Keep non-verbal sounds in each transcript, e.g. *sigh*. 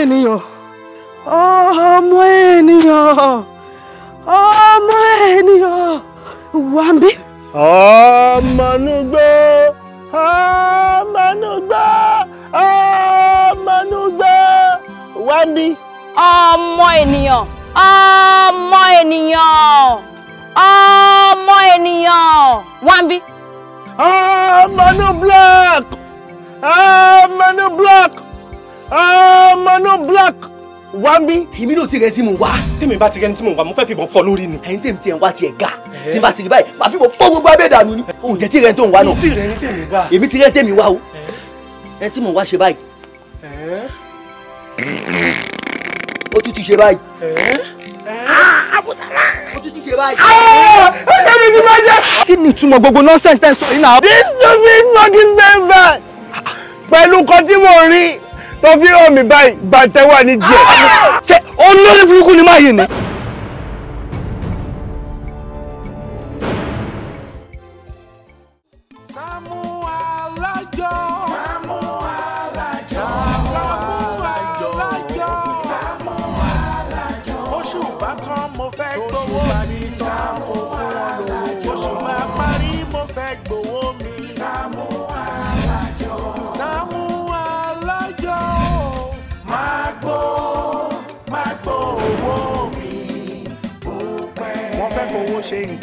ènìyàn ọmọ ènìyàn ọmọ ènìyàn wà mí. ọmọnugbó ọmọnugbó ọmọnugbó wà mí. ọmọ ènìyàn ọmọ ènìyàn ọmọ ènìyàn wà mí. ọmọnu black ọmọnu black ọmọnú black wá ń bí. èmi náà ti rẹ tí mo wá. tèmi bá ti rẹ tí mo wá mo fẹ́ fìbọn fọ lórí ni. ẹyin tèmi tiẹ̀ ń wá tiẹ̀ ga tí n bá ti rí báyìí màá fìbọn fọ gbogbo abẹ́ dànù ni. òun jẹ́ tí rẹ tó ń wá náà èmi ti rẹ tèmi wá o ẹni tí mo wá ṣe báyìí. ó tún ti ṣe báyìí. ó tún ti ṣe báyìí. ẹ̀ṣẹ̀ mi ti máa jẹ́. kí ni ìtumọ̀ gbogbo nonsense tẹ́ sọ yìí náà. this stupid fucking step back pẹ̀lú kan tí mo rí tó fi hàn mí báyìí gbàtẹ́wà ní díẹ̀ ah! ṣé olórí burúkú ni máa yìí ni.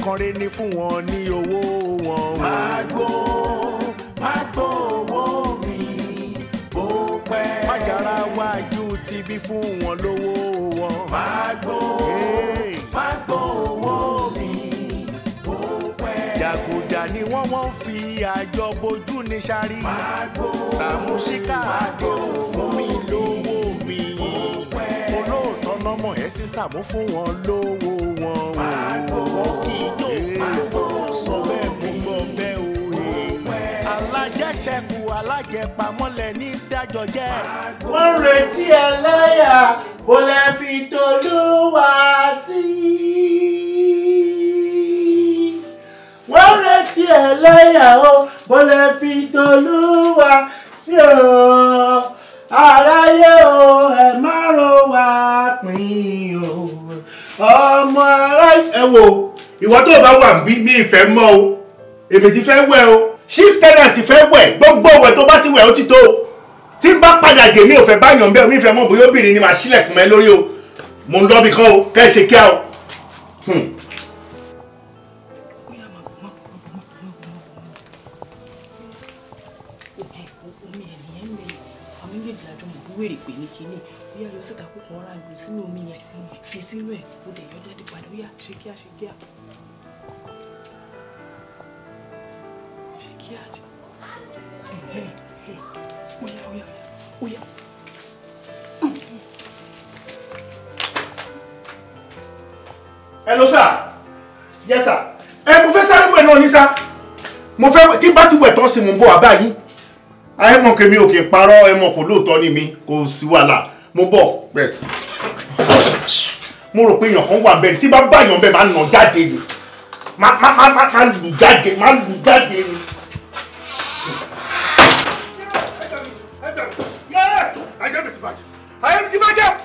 kọrin ní fún wọn ní owó wọn. Magbo Magbo owó mi bó pẹ́. Májàra wájú ti bí fún wọn lówó wọn. Magbo Magbo owó mi bó pẹ́. Jàgùjà ni wọ́n wọ́n fi àjọ bojú ní sáré. Magbo Sàmúsíkà àdé fún mi lówó mi. Olóòótọ́ lọ́mọ ẹ̀ sísàmú fún wọn lówó wọn kì í jó sọ bẹ́ẹ̀ mú gbọ́ bẹ́ẹ̀ o alájẹṣẹ́kù alájẹpamọ́lẹ̀ ní dájọ́ jẹ́. wọ́n retí ẹlẹ́yà bó lẹ fi tolúwa sí wọ́n retí ẹlẹ́yà o bó lẹ fi tolúwa sí o aráyé o ẹ má ro wá pín o ọmọ aráyé ẹ wò ìwọ tó o bá wà bí mi ìfẹ́ mọ́ o èmi ti fẹ́ wẹ̀ o chief tenant fẹ́ wẹ̀ gbogbo wẹ̀ tó bá ti wẹ̀ ó ti tó tí n bá padà dé mi ò fẹ́ báyọ̀ bẹ́ẹ̀ mi ìfẹ́ mọ́ bóyá obìnrin ni màá sílẹ̀kùn mẹ́ lórí o mò ń lọ́bi kan o kẹ́ ẹ ṣe kíá o. Hmm. wèrè pè ní kinní bí ayọ̀ síta kó kàn ra ìlú sínú omi yẹn fi sínú ẹ̀ hello sir yes sir ẹ mo fẹ́ sáré wẹ̀ náà ní sá mo fẹ́ tí bá ti wẹ̀ tán sí mo ń bọ̀ àbá yín ẹ mọ̀ kèmi ò kì í parọ́ ẹ mọ̀ kò lóòótọ́ ni mi kò sí wàhálà mo bọ̀ bẹ́ẹ̀ mo rò pé èèyàn kan wà bẹ́ẹ̀ tí bá bá èèyàn bẹ́ẹ̀ máa nà jáde ni máa máa lù jáde máa lù jáde ni. ayé mi ti bàjẹ́ ayé mi ti bàjẹ́.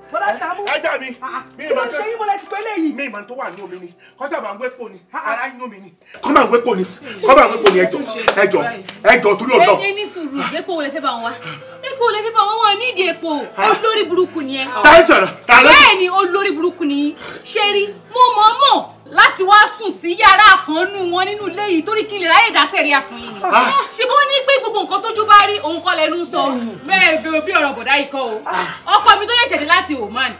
bọ́dá Sàámú. ajá ah, ah. mi mi ìmọ̀ tó ṣe yín bọ́lá ti pé léyìí. mi ìmọ̀ tó wà ní omi ni kọ́sà bá ń wépo ni ah, ara ń yún mi ni kọ́ bá ń wépo ni kọ́ bá ń wépo ni ẹjọ́ ẹjọ́ ẹjọ́ torí ọ̀dọ́. ẹ ní sùúrù epo wo lè fẹ́ bá wọn wá epo wo lè fẹ́ bá wọn wọn nídìí epo olórí burúkú ni ẹ. táyì sọ̀rọ̀ tààrẹ́. bẹ́ẹ̀ ni olórí burúkú ni ṣe rí mo mọ̀ mọ̀ láti wá sùn sí yàrá àkànnú wọn nínú ilé yìí torí kí n lè ráyè dáṣẹ́ rí àfún yìí ah. ah, ṣe bó ní pé gbogbo nǹkan tójú bá rí òun kọ́ lẹ́nu sọ hmm. bẹ́ẹ̀ bẹ́ẹ̀ bí ọ̀rọ̀ bọ̀dá yìí kọ́ o ah. ọkọ mi tó yẹ ṣẹ̀dẹ̀ láti Oman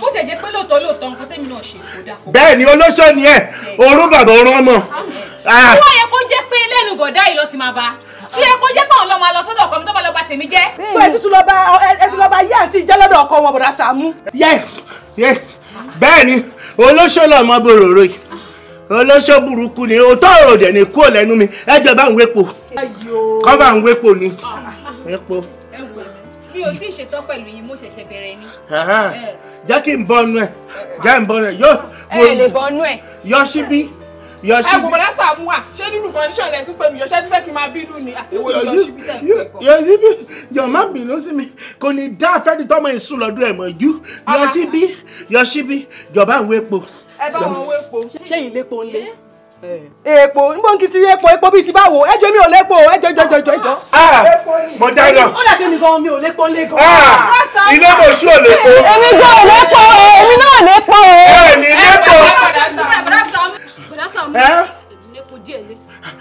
kó tẹ̀ jẹ́ pé lóòótọ́ lóòótọ́ nǹkan tẹ́mi náà ṣe kó dà. bẹ́ẹ̀ ni olóṣò ni ẹ orún bàbá orún ọmọ. wọ́n yẹ kó jẹ́ pé lẹ́nu bọ̀dá yìí lọ ti máa bá kí ẹ kó jẹ́ pé àwọn ọlọ́mọ alọ sọ́dọ̀ ọkọ mi tó bá lọ bá tèmi jẹ́. fún ẹ tuntun lọ bá ẹ lọ bá yé àti ìjẹ́ ọkọ wọn bọ̀dá Sàámú. yẹ yẹ olóṣó lọ́mọ bòròrò yìí olóṣó burúkú ni òótọ́ ọ̀rọ̀ dẹ̀ ní kúrò lẹ́nu mi ẹjọ́ bá ń wépo kọ́ bá ń wépo ni epo. mi ò tí ì ṣetán pẹ̀lú yín mo ṣẹ̀ṣẹ̀ bẹ̀rẹ̀ ni. jẹ́ kí n bọ́nu ẹ̀ jẹ́ n bọ́nu ẹ̀ yóò. ẹ lè bọ́nu ẹ̀. yọ síbí yọ̀ṣibí. ẹ wò bọ̀dá sàmú à ṣé nínú kọ́ndíṣọ̀n rẹ̀ tún pé mi yọ̀ṣẹ́ ti fẹ́ kí n máa bínú ni àtẹ̀wé yọ̀ṣibí tẹ̀ ń pè kọ́. yọ̀ṣibí jọ̀ọ́ má bínú sí mi kò ní dá afẹ́ni tọ́mọ èso lọ́dún ẹ̀ mọ̀ ju yọ̀ṣibí yọ̀ṣibí jọ̀bá ń wépo. ẹ bá wọn wépo ṣé yìí lépo ń lé èèpo nbọ̀n kì í ti rí èèpo èèpo bíi ti báwo ẹjọ́ mi ò lépo ẹjọ́ ẹjọ́ ẹjọ́ ẹjọ́. Ah, mo dáná. ó dàbí mi gan mi ò lépo lé gan. Ah, iná mo ṣú ò lépo. èmi gan ò lépo èmi náà lépo. ẹ ní lépo sàn mi.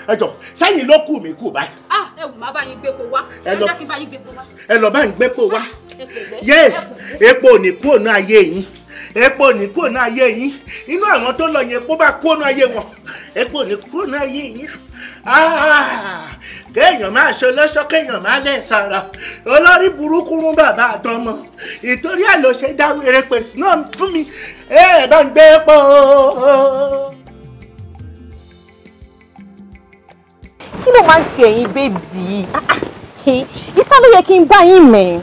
ẹ jọ sẹ́yìn ló kù mí kù báyìí. ẹ wù má bá yín gbépo wá ẹ jẹ́ kí n bá yín gbépo wá. ẹ lọ bá ń gbépo wá yé epo ní kú ònà ayé yín epo ní kú ònà ayé yín inú àwọn tó lọ yẹn epo bá kú ònà ayé wọn epo ní kú ònà ayé yín ah, kéèyàn máa ṣe lọ́ṣọ́ kéèyàn máa lẹ̀ sára olórí burúkú rún bàbá àtọmọ ìtorí ẹ̀ ló ṣe dáwé erépèsè náà fún mi ẹ bá kí ló máa ń ṣe ẹ̀yin babes yìí ìta ló yẹ kí n bá yín mẹ́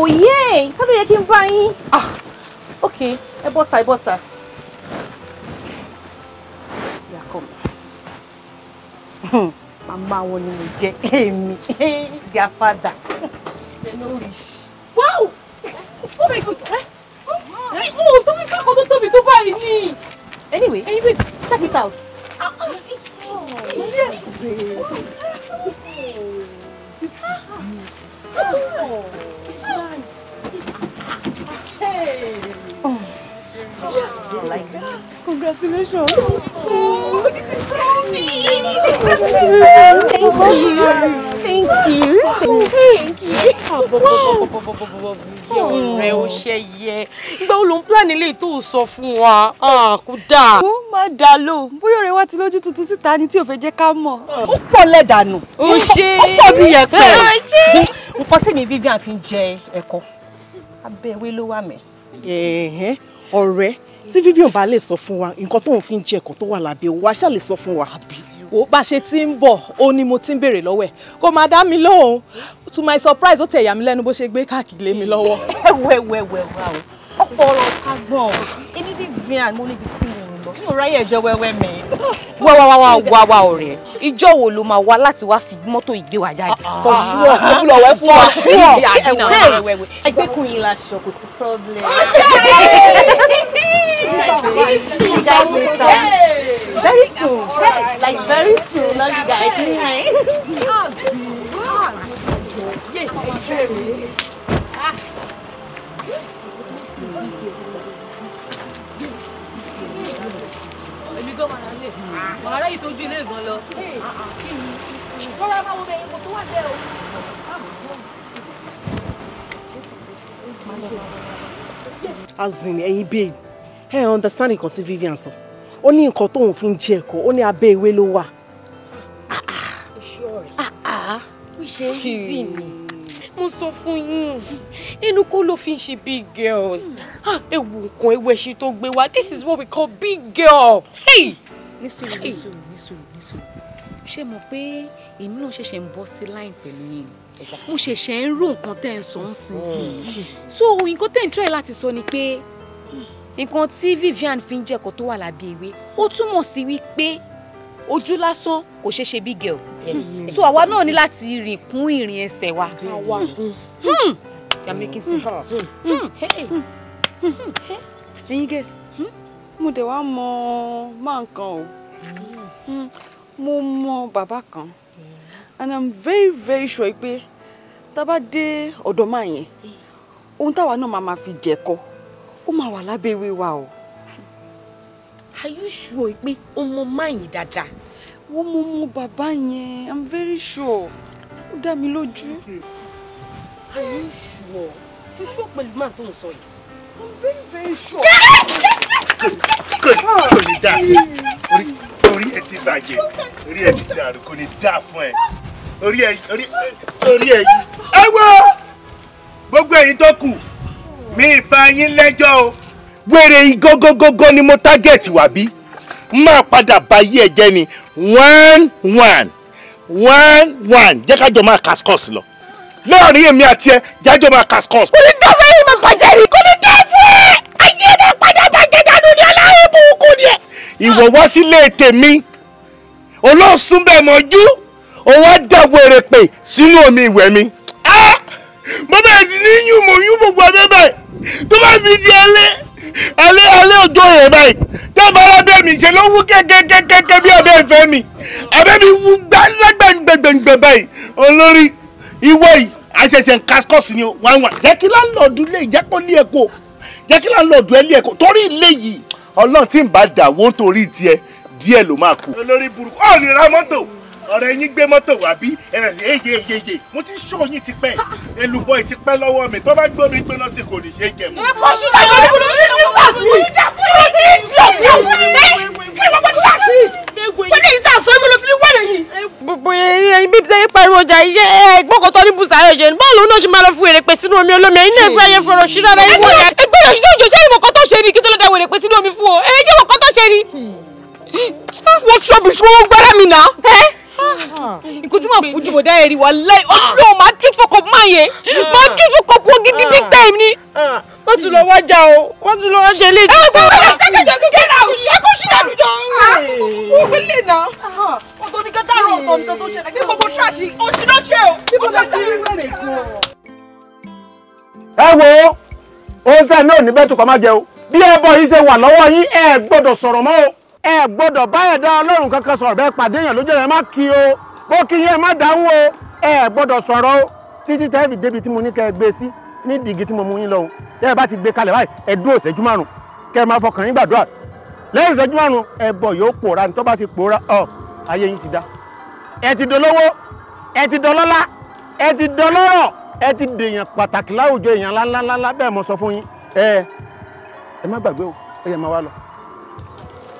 òye ìta ló yẹ kí n bá yín ah, ok ẹ bọ́ta ẹ bọ́ta. màmá wọn ni mo jẹ èmi their father. wow oh my god ó sọ fún mi pé ọkọ tó tóbi tó báyìí ni. anyway ẹyin bẹ́ẹ̀ check it out. Ah, ah, Yes. Oh, this is beautiful. Oh. Hey. Oh. Yeah. Like this. Congratulations. Oh, this is so Thank you. Thank you. Thank you. Thank you. yẹ ọ̀rẹ́ ó ṣe yẹ ìgbà wo ló ń plan ilé tó sọ fún wa kò dáa. ó má dà lò bóyá ọ̀rẹ́ wa ti lójú tuntun síta ni tí ò fẹ́ jẹ́ ká mọ̀ ó pọ̀ lẹ́dànù ó pọ̀ bí yẹpẹ̀ nǹkan tèmi Vivian fi ń jẹ ẹ̀kọ́ abẹ́wé ló wà mẹ́. ọ̀rẹ́ tí Vivian bá lè sọ fún wa nǹkan tóun fi ń jẹ ẹ̀kọ́ tó wà lábẹ́ wa ṣáà lè sọ fún wa wo bá ṣe ti ń bọ̀ ó ní mo ti ń béèrè lọ́wọ́ ẹ̀ kó máa dá mi lóhùn to my surprise ó tẹ̀ yà mí lẹ́nu bó ṣe gbé káàkiri lé mi lọ́wọ́. ẹwẹ́wẹ́wẹ́wà o ọ̀pọ̀ ọ̀rọ̀ ká gbọ́n èmi bí vian mo níbi tí mo lọ mi ò ráyè ẹjọ́ wẹ́wẹ́ mi. wá wá wá wá wá wá ọ̀rẹ́ ìjọ wo ló máa wá láti wá fi mọ́tò ìgbé wa jáde. Ah, ah. for sure fúnbùlọ̀ wẹ́ fún wa fún wa ẹwẹ́wẹ́wẹ́ ẹgbẹ́ kun yín la ṣọ kò sí problem. Very soon. Like very soon, love you guys. Èmi gan màrà lè. Màrà yìí tó ju ilé gan lọ. Rọ́lá máa wo bẹ̀yìn kò tó wà bẹ́ẹ̀ o. Azin, ẹ̀yin babe, ẹ understand nǹkan tí Vivian sọ. So ó ní nǹkan tóun fi ń jẹ ẹ̀kọ ó ní abẹ́ ewé ló wà. mo sọ fún yín inú kó ló fi ń ṣe big girls ewu nǹkan ewu ẹṣin tó gbé wa this is what we call big girl. nísòrò nísòrò nísòrò nísòrò ṣé mo pé èmi náà ṣẹ̀ṣẹ̀ ń bọ́ sí line pẹ̀lú yín ni mo ṣẹ̀ṣẹ̀ ń rò nǹkan tẹ́ ń sọ ń sìn oh. so nǹkan tẹ́ ń try láti sọ ni pé nǹkan tí Vivian fi ń jẹ́kọ̀ọ́ tó wà lábẹ́ ewé ó túmọ̀ sí wípé ojú lásán kò ṣeé ṣe bí girl so àwa náà ní láti rìn kún ìrìn ẹsẹ̀ wa. ẹ̀yin hmm. hmm. hmm. gẹ̀ẹ́sì mo dẹ̀ wá mọ máa nǹkan o mo mọ bàbá kan and i'm very very sure pé tá a bá dé ọ̀dọ̀ máa yẹn ohun táwa náà máa ma fi jẹ̀kọ́ ó máa wà lábẹ́ ewé wa o. are you sure pé ó mọ máyì dáadáa. wọ́n mú mú bàbá yẹn i'm very sure ó dá mi lójú. are you sure ṣe sure pẹ̀lú máa tó ń sọ yìí. i'm very very sure. kò ní dá orí ẹ ti bàjẹ́ orí ẹ ti dàrú kò ní dá fún ẹ orí ẹ orí ẹ yìí ẹ wọ gbogbo ẹ̀yin tó kù mi ìbá yín lẹ́jọ́ o wèrè igogogogo ni mo target wà bí Ma padà bá yí ẹ jẹ ni one one one one jẹ́ kájọ máa kaskọ́s lọ lẹ́yìn èmi àti ẹ jájọ ma kaskọ́s. kò ní dá fún ẹ̀yin máa pàjẹ́ rí kò ní dá fún ẹ ayé náà padà bá jẹjà lórí aláwọ̀ ìbùkún ni ẹ. ìwọ wá sílé tèmi olóòsùn bẹ́ẹ̀ mọ́jú O á dá wèrè pè sínú omi ìwẹ̀ mi mo bẹ̀rẹ̀ sí ní yún mo yún gbogbo abẹ́ báyìí tó bá fi di alẹ́ alẹ́ alẹ́ ọjọ́ yẹn báyìí dábàá abẹ́ mi ṣe ló wú kẹ́kẹ́kẹ́kẹ́ bí abẹ́ ìfẹ́ mi abẹ́ mi wú gbálágbàgbẹ̀gbẹ̀ báyìí olórí ìwọ yìí àṣẹṣẹ ń kaskọ́sì ni wà wà jẹ́ kí láńlọ́ọ̀dù lè jẹ́ kó lé ẹ̀kọ́ jẹ́ kí láńlọ́ọ̀dù ẹ̀ lé ẹ̀kọ́ torí ilé yìí ọlọ́run tí ń bá dà wọ́n torí tiẹ̀ díẹ̀ ló máa kú. olórí burúkú ọ̀ nira mọ́tò ọ̀rẹ́ yín gbé mọ́tò wá bí ẹ̀rẹ̀ sí èyè èyè èyè mo ti ṣó yín ti pẹ́ èlùbọ́ yìí ti pẹ́ lọ́wọ́ mi tó bá gbọ́ mi gbóná sí kò ní ṣe é jẹ mọ́. ẹ̀kọ́ ṣùgbọ́n ẹ̀kọ́ ṣùgbọ́n ẹ̀kọ́ ṣùgbọ́n ẹ̀kọ́ gbogbo ẹyin bíbí tẹ́yìn pariwo ọjà iye ẹgbọ́kọ̀ tó ní bùsàárẹ̀ jẹ bọ́ọ̀lù náà ṣe máa lọ fún erèpè sínú omi olómi ẹ̀yin náà fún ẹyẹ fọ̀rọ̀ rárá ìwọ rẹ̀. ẹgbẹ́ yóò ṣiṣẹ́ òjò ṣé ìmọ̀kọ́ ṣe ni kí tó lọ́ọ́ da wèrè pé sínú omi fún ọ ẹ̀yin ṣé ìmọ̀kọ́ tó ṣe ni. wọ́n ṣọ́ọ̀bù Ah, nǹkan tí màá fojú bò dáhẹ́ wa láì ọlọ́run máa trick for cup máa yẹ máa trick for cup wọ́n gidi big ah. time ni. Ah, wọ́n ti lọ wájà o wọ́n ti lọ wájà ilé ìtura. ẹ kò wọlé kẹkẹjọ kíkẹ náà ẹ kò sí ẹnu jọ. wọ́n lè nà ọ̀tọ̀ ní kẹta àrùn ọ̀tọ̀ nítorí tó ṣẹlẹ̀ kí gbogbo ṣáàṣì òṣìlọ́ṣẹ́ o. bí kò lọ rí wẹ̀rẹ̀ gan. ẹ wo oúnjẹ náà ní bẹ́ẹ̀ tó kọ́ máa jẹ o bí ẹ bọ ẹ gbọ́dọ̀ bá ẹ̀dá ọlọ́run kankan sọ̀rọ̀ bẹ́ẹ̀ pàdé èèyàn lójú ẹ̀ má kí o bó kí yẹn má dáhùn o ẹ gbọ́dọ̀ sọ̀rọ̀ o títí tẹ́ẹ̀fì débi tí mo ní kẹ́ ẹ gbé sí ní dìgì tí mo mú yín lọ́hùn tẹ́ẹ̀ bá ti gbé kalẹ̀ báyìí ẹ dúró ìṣẹ́jú márùn kẹ́ ẹ máa fọkàn yín gbàdúrà lẹ́yìn ìṣẹ́jú márùn ẹbọ yóò pòórá ní tó bá ti pòórá ọ ayé yín ti dá ẹ ti dolówó ẹ ti dọlọ́lá ẹ ti dọlọ́rọ̀ ẹ ti dèèyàn pàtàkì láwùjọ èèyàn ńláńláńlá bẹ́ẹ̀ mo sọ fún yín ẹ ẹ má gbàgbé o ẹ yẹ máa wá lọ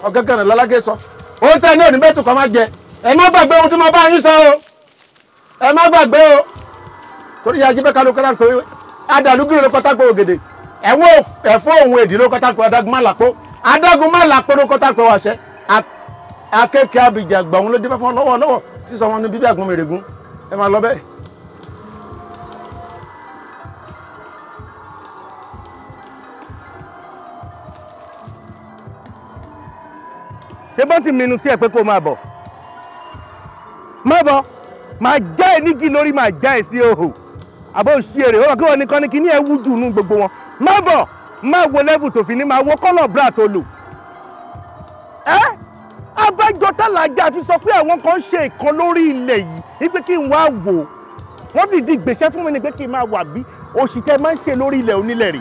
ọ̀gángan lọ́lágé sọ ó tẹ́ ní oníbẹ̀tù kan má jẹ ẹ má gbàgbé ohun tí mo bá yín sọ o ẹ má gbàgbé o torí ìyá jíbẹ́ kálukú láǹkó adàlúgìrì ló kọ́tà pé ògèdè ẹ̀wọ́ ẹ̀fọ́ òun èdè ló kọ́tà pé adágún má làpó adágún má làpó ló kọ́tà pé wàṣẹ akẹ́kẹ́ abìjà gbà òun ló dé fún ọ lọ́wọ́ lọ́wọ́ sísọ wọn ní bíbí àgbọ̀n mèrègún ẹ má lọ bẹ́ẹ̀. ṣé bọ́n ti minú sí ẹ pé kó máa bọ̀ má bọ̀ máa já ẹ nígi lórí máa já ẹ sí òhò àbọ̀ òṣì èrè wọn kí wọn nìkan ni kí ní ẹ wú jù nú gbogbo wọn má bọ̀ má wo level tó fi ní máa wo kọ́nà bra tó lò ẹ abájọ tálàjà fi sọ pé àwọn kan ń ṣe ìkan lórí ilẹ̀ yìí wípé kí n wá wò ó wọ́n dìdí gbèsè fún mi ni pé kí n máa wà bí òṣì máa ń ṣe lórí ilẹ̀ onílẹ̀ rè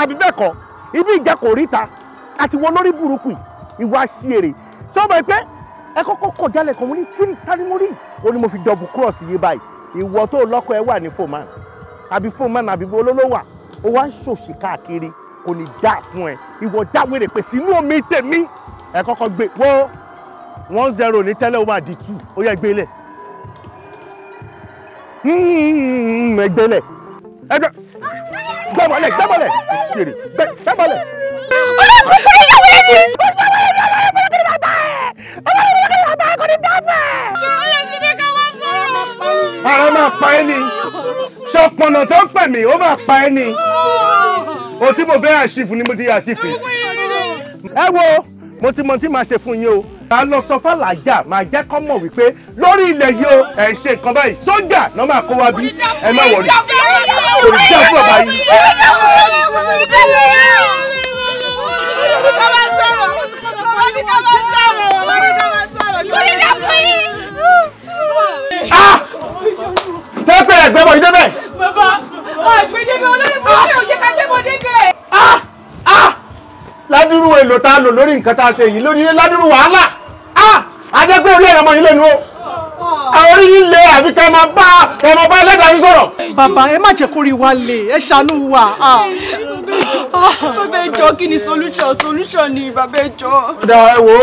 àbí bẹ́ẹ̀ kọ́ ibi ìjà kò ríta àti wọ lórí burúkú ìwà ṣí sọ́bọ̀ pé ẹ kọ́kọ́ kọ̀ jálẹ̀ kan mo ní tírí tani mo rí o ni mo fi double cross yé báyìí ìwọ tó lọ́kọ̀ ẹ wà ní foman àbí foman àbí olóló wà ó wá ń ṣòṣì káàkiri kò ní dá fún ẹ ìwọ dáwèrè pè sínú omi tèmi ẹ kọ́kọ́ gbé wo. one zero ní tẹ́lẹ̀ ó máa di two ó yẹ gbélẹ̀ ẹ gbélẹ̀ ẹ gbẹ́bọ̀lẹ̀ gbẹ́bọ̀lẹ̀ ṣèrè gbẹ́bọ̀lẹ̀. olùkọ́ sọ ìyàwó ẹni. olùkọ́ sọ ìyàwó ẹni ọlọ́run bẹ̀rẹ̀ bẹ̀rẹ̀ bàbá olórí bàbá kò ní dáfẹ́. ọyọ jíde ká wá sọ̀rọ̀. ara máa pa ẹ́ ni ṣọpọnà tó ń pè mí ó máa pa ẹ́ ni o tí mo bẹ́ àṣìfù ni mo ti àṣìfù. ẹ wo mo ti mọ tí màá ṣe fún yín o máa lọ sọ fàlàjà máa jẹ́ kọ́ mọ̀ wípé lórí ilẹ̀ yìí o ẹ̀ ń ṣe nǹkan báyìí sójà ló máa kó wa bí ẹ má wọrí kò ní jẹ́ fún ọba yìí. tẹ́ pé ẹ̀gbẹ́ bọ̀ ìdébẹ̀. bàbá àgbẹ̀ débẹ̀ olórí mi ò yẹ ká débọ̀ débẹ̀. Ah, ah, ládùúrú èlò tá a lò lórí nǹkan tá a ṣe yìí lórí ládùúrú wàhálà a ah, jẹ́ pé orí ẹ̀rọ ọmọ yìí lẹ́nu o àwọn orí yìí lé àbí ká máa bá ká máa bá ẹlẹ́dàá yín sọ̀rọ̀. bàbá ẹ má jẹ́ kó rí wa lè ẹ ṣàánú wa. bàbá ẹ jọ̀ọ́ kí ni solution solution ni bàbá ẹ jọ̀ọ́. ọ̀dà ẹ wo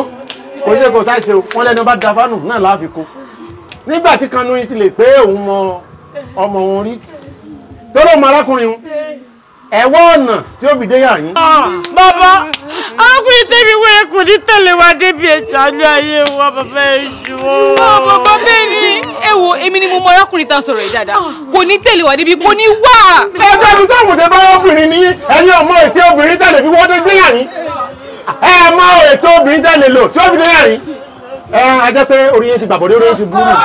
kò ṣe kò ṣàìṣe wọn lẹnu bá da fánù náà láàfikún nígbà tí kanu ti lè pé òun mọ ọmọ wọn rí lọ́dọ̀ ọmọ arákùnrin wọn ẹ̀wọ́ ọ̀nà tí ó fi dé yàyín. Ah, bàbá ọkùnrin tẹ́mi wẹ́rẹ́ kò ní tẹ̀lé wa débi ìṣàánú ayé wa bàbá èṣù. Ah, bàbá bẹ́ẹ̀ni ẹ wo èmi ni mo mọ arákùnrin tá a sọ̀rọ̀ yìí dáadáa kò ní tẹ̀lé wa débi kò ní wà. ẹgbẹ́ mi tó àwòtẹ́ bá obìnrin ní ẹ̀yin ọmọ ètò obìnrin tẹ̀lé fi wọ́n dé yàyín ẹ̀ mọ ètò obìnrin tẹ̀lé lò tí ó fi dé yàyín ẹ ẹ jẹ́ pé orí yẹn ti gbàgbọ́ dé orí yẹn ti burú nù.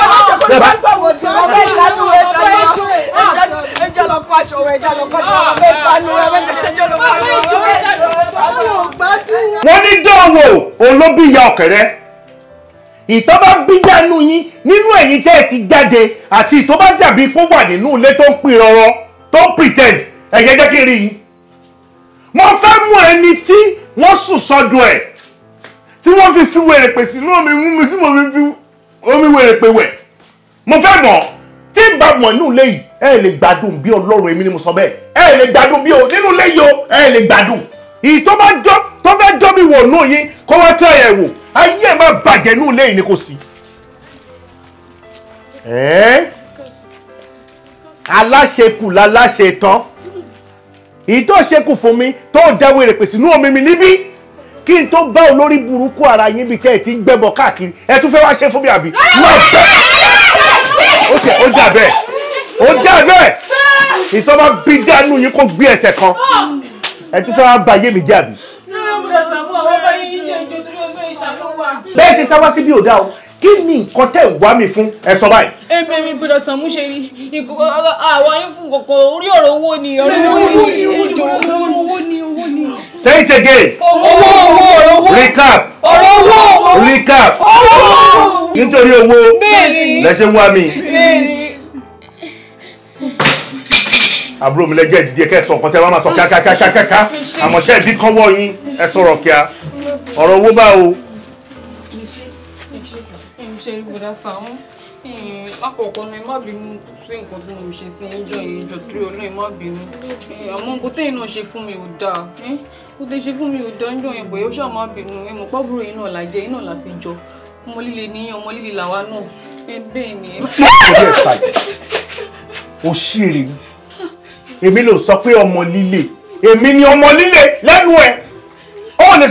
ṣé bá ẹjọ́ lọ kọ́ aṣọ wọ́n ní dánwò olóbí ìyá ọ̀kẹ́rẹ́ ìtọ́ bá bíjánu yín nínú ẹ̀yìn tẹ́ ẹ ti jáde àti ìtọ́ bá dàbí kó wà nínú ilé tó ń pè rọrọ tó ń pretend ẹ̀yẹ́ jẹ́ kí n rí yín mo fẹ́ mú ẹni tí wọ́n sùn sọ́dọ̀ ẹ̀ tí wọ́n fi fi wèrè pè sínú omi mú mi tí mo fi fi omi wèrè pè wẹ̀ mo fẹ́ mọ̀ tí n bá mọ̀ nínú ilé yìí ẹ lè gbádùn bí ọlọ́run èmi ni mo sọ bẹ́ẹ̀ ẹ lè gbádùn bí o nínú ilé yìí o ẹ lè gbádùn èyí tó bá jọ tó fẹ́ jọ mi wò nù yín kó wá tẹ́ ẹ wò ayé ẹ má bàjẹ́ nínú ilé yìí ni kò sí. aláṣekù láláṣe tán èyí tó ṣekù fún mi tó jáwé rèpèsè nínú omi mi níbí kí n tó bá olórí burúkú ara yín bí kẹ́ ẹ̀ ti ń gbẹ́bọ káàkiri ẹ tún fẹ́ wá ṣe fún mi àbí. ó tẹ ó dà bẹ́ẹ̀ ó dà bẹ́ẹ̀ ìtọ́ba bí dánú yín kó gbé ẹsẹ̀ kan ẹ tún fẹ́ wá ba ayé mi jẹ́ àbí. bẹ́ẹ̀ ṣe sáwá síbi ò dá o kí ni nǹkan tẹ̀ wá mi fún ẹ sọ báyìí. èmi mi gbọ́dọ̀ sàn mú ṣe rí àwọn yín fún kòkòrò orí ọ̀rọ̀ owó ni ọ̀rọ̀ owó ni ejò owó ni owó ni say it again. owó owó owó. recap. ọ̀rọ̀ owó owó. recap. owó. nítorí owó. bẹ́ẹ̀ni. lẹ́sẹ̀ wá mi. bẹ́ẹ̀ni. àbúrò mi lẹ́jẹ̀ ìdíje kẹsàn ọ̀kan tẹ́ wá máa sọ kíákíákíákíá àmọ̀ṣẹ́ ìdí kan wọ̀ yín ẹ sọ̀rọ̀ kíá ọ̀rọ̀ owó báwo. ṣe é ṣe é ṣe é ṣe é lákọ̀ọ̀kan ni má bínú sí nǹkan tí mo ṣe sí ìjọ ìjọ torí ọlọ́run má bínú àmọ́ nǹkan tẹ́yìn náà ṣe fún mi ò dáa kó tẹ́ ṣe fún mi ò dáa níjọ yẹn bọ̀ yóò ṣáà má bínú ẹ mọ̀ pàbúrò yìí náà làjẹ́ yìí náà là fi jọ ọmọ líle ní ọmọ líle làwa náà ẹ bẹ́ẹ̀ ni. orí ẹ̀ fàjẹ́ o ṣíire ni èmi ló sọ pé ọmọ líle èmi ni ọmọ líle lẹ́nu ẹ̀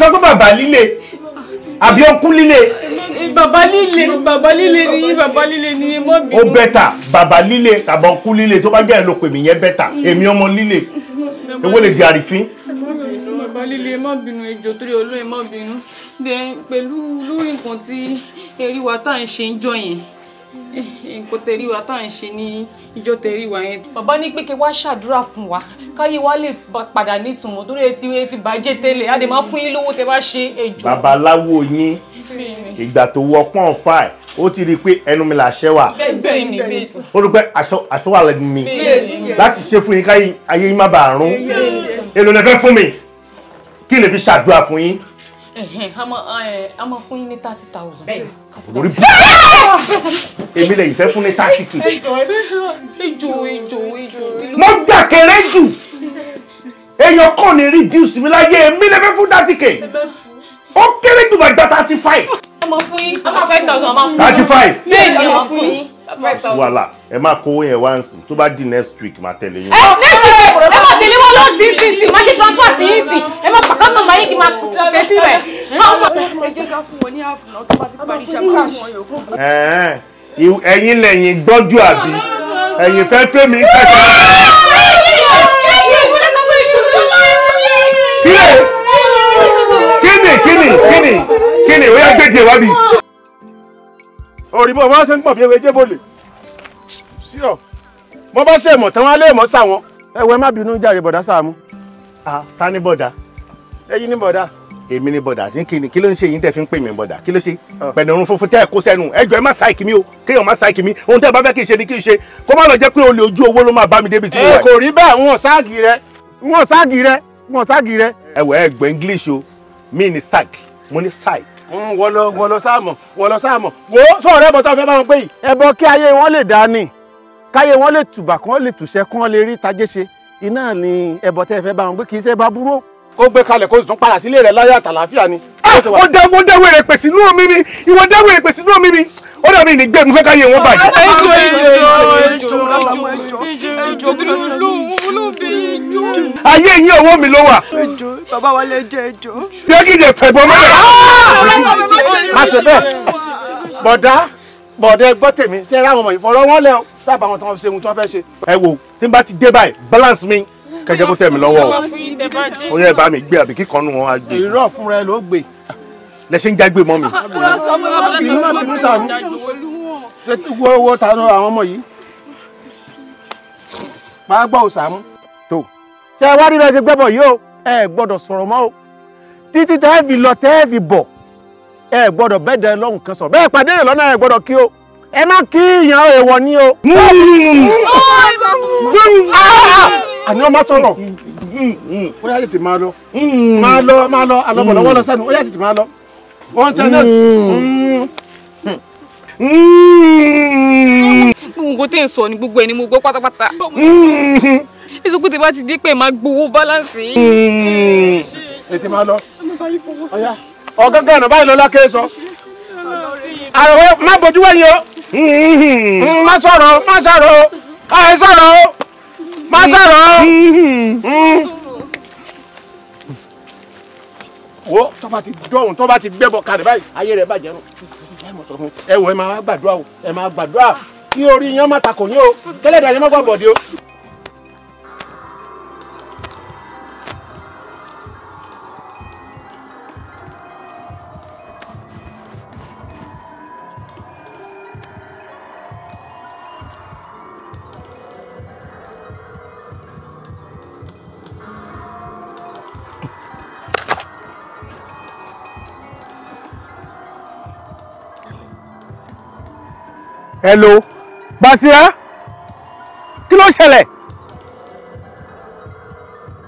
ọmọ lè bàbá líle bàbá líle ni bàbá líle ni mo bínú. ó bẹ́tà bàbá líle tàbọ̀ kú líle tó bá jẹ́ ẹ̀ ló pè mí yẹn bẹ́tà mm. èmi ọmọ líle ewé lè di àrífín. bàbá líle má bínú ejò torí olóyè má bínú pẹ̀lú lórí nǹkan tí eré wa tá à ń ṣe ń nǹkan tẹ̀rí wa tá à ń ṣe ní ìjọ tẹ̀rí wa yẹn. bàbá ní pé kí wá ṣàdúrà fún wa káyé wa lè padà nítumọ̀ torí etí etí bàjẹ́ tẹ́lẹ̀ á lè má fún yín lówó tẹ́ bá ṣe èjò. babaláwo yín ìgbà tó wọ pọ́n fà ẹ̀ ó ti rí i pé ẹnu mi làṣẹ wà ó rí i pé aṣọ wà lẹ́nu mi láti ṣe fún yín káyé ayé yín má bàa rún èlò lè fẹ́ fún mi kí lè fi ṣàdúrà fún yín a máa fún yín ní thirty thousand. orí bí èmi lè fẹ́ fún ní thirty k. ejò ejò ejò. mo gbà kéré jù èèyàn kàn ní reduce mi láyé èmi lè fẹ́ fún thirty k ó kéré jù bá gba thirty five. a máa fún yín a máa five thousand a máa fún thirty five. bẹ́ẹ̀ a máa fún yín wàhálà ẹ máa kówó yẹn wá nsìn tó bá di next week máa tẹ̀lé yín. ẹ eh, eh, next week eh, ẹ máa tẹ̀lé wọn lọ sí sí sí máa ṣe transfer sí yín sí ẹ máa pàkà nọ́mbà yín kí máa tẹ̀ sí rẹ̀. ẹ jẹ́ ká fún wọn ní àfùnà tó bá ti parí iṣẹ́ kó àwọn yòókù. ẹ̀yin lẹ́yìn gbọ́njú àbí ẹ̀yin fẹ́ pé mi kẹ́kẹ́. kíni kíni kíni kíni ó yá gbèjì wá bí òrìbó wọn ṣe ń pọ̀ bí ewé jébòlè sí ọ mo bá ṣe ìmọ̀ tán wọn á lé ìmọ̀ sáwọn. ẹ wẹ má bínú jàre bọ̀dá Sàámú. ah ta ni bọ̀dá. ẹ̀yin ni bọ̀dá. èmi ni bọ̀dá ní kíni kí ló ń ṣe yín tẹ̀ fi ń pè mí bọ̀dá kí ló ṣe. pẹ̀lú irun funfun tẹ́ ẹ̀ kó sẹ́nu ẹ jọ ẹ má ṣáìkì mi o kéèyàn má ṣáìkì mi ohun tẹ́ ẹ bá fẹ́ kí n ṣe ni kí n ṣe kó má lọ jẹ́ pé olè ojú owó ló máa bá mi débi tí mo wà. ẹ kò rí bẹ́ẹ̀ wọn ṣáàgì rẹ wọn ṣáàgì rẹ wọn ṣáàgì rẹ. ẹ wọ́n lọ wọ́n lọ sáàmọ̀ wọ́n lọ sáàmọ̀ wò ó sọ̀rọ̀ ẹbọ tó fẹ́ bá wọn pé yìí. ẹbọ kí ayé wọn lè dá ni káyé wọn lè tùbà kán lè tùṣẹ kán lè rí tajé ṣe iná ni ẹbọ tẹ́ fẹ́ bá wọn pé kì í ṣe bá burú. ó gbé kalẹ̀ kó tún padà sílé rẹ̀ láyé àtàlàáfíà ni. ó dá ó dá wèrè pèsè inú omi mi ìwọ dá wèrè pèsè inú omi mi ó dàbí ìnigbẹ́ mo fẹ́ káyé wọn bàjẹ́. ẹjọ́ ẹjọ́ ẹjọ́ ẹjọ́ ẹjọ́ ayé yín owó mi ló wà. ẹjọ bàbá wa lè jẹ ẹjọ. yẹ́gìdè fẹ̀bọ́n mọ́lẹ̀. Ah! má ṣe bẹ́ẹ̀ bọ̀dá bọ̀dá ẹ gbọ́ tèmi tí ẹ ráwọn ọmọ yìí fọ̀rọ̀ wọn lẹ o sábà wọn tí wọn fi ṣe ohun tí wọn fẹ́ ṣe. ẹ wo tí n bá ti dé báyìí balance mi kẹjẹ kó tẹ̀ mí lọ́wọ́ o ó yẹ bá mi gbé àbí kíkan nù wọn á gbé. irọ́ fúnra ẹ ló gbé. lẹ́sìn jágbe mọ́ mi. ṣe wo wo ta ló àwọn ọmọ yìí máa gbọ́ òsàmú tó ṣe wá rí bẹ́ẹ̀ ṣe yìí o ẹ gbọ́dọ̀ sọ̀rọ̀ mọ́ o títí tẹ́ ẹ fi lọ tẹ́ ẹ fi bọ̀ ẹ gbọ́dọ̀ bẹ́ẹ̀ dẹ kan sọ̀rọ̀ bẹ́ẹ̀ pàdé lọ́nà ẹ gbọ́dọ̀ kí o ẹ má kí ìyàn èèwọ̀ ni o. àní ọmọ sọ̀rọ̀ ó yá tètè máa lọ máa lọ máa lọ alọ́bọ̀lọ́wọ́ lọ sẹ́nu ó yá tètè máa lọ wọ́n tẹ́ náà. gbogbo tí ń sọ ni gbogbo ẹni mo gbọ́ pátápátá èso kùtè bá ti dé pé máa gbowó báláǹsì. ètè hmm. máa lọ ọ̀gángan ọ̀nà báyìí lọ́lá kéé sọ. àròwé má bójú wẹ̀yìn o hmm. má sọ̀rọ̀ má sọ̀rọ̀ káyé sọ̀rọ̀ o má sọ̀rọ̀ o. Hmm. wo tó bá ti dọ̀hún tó bá ti gbẹ́bọ̀ kalẹ̀ báyìí ayé rẹ̀ bàjẹ́ rò ẹ wọ ẹ máa gbàdúrà o ẹ máa gbàdúrà kí orí yẹn má takò yín o kẹlẹ́dàá yẹn má gbà o. hello Basira kí ló ṣẹlẹ̀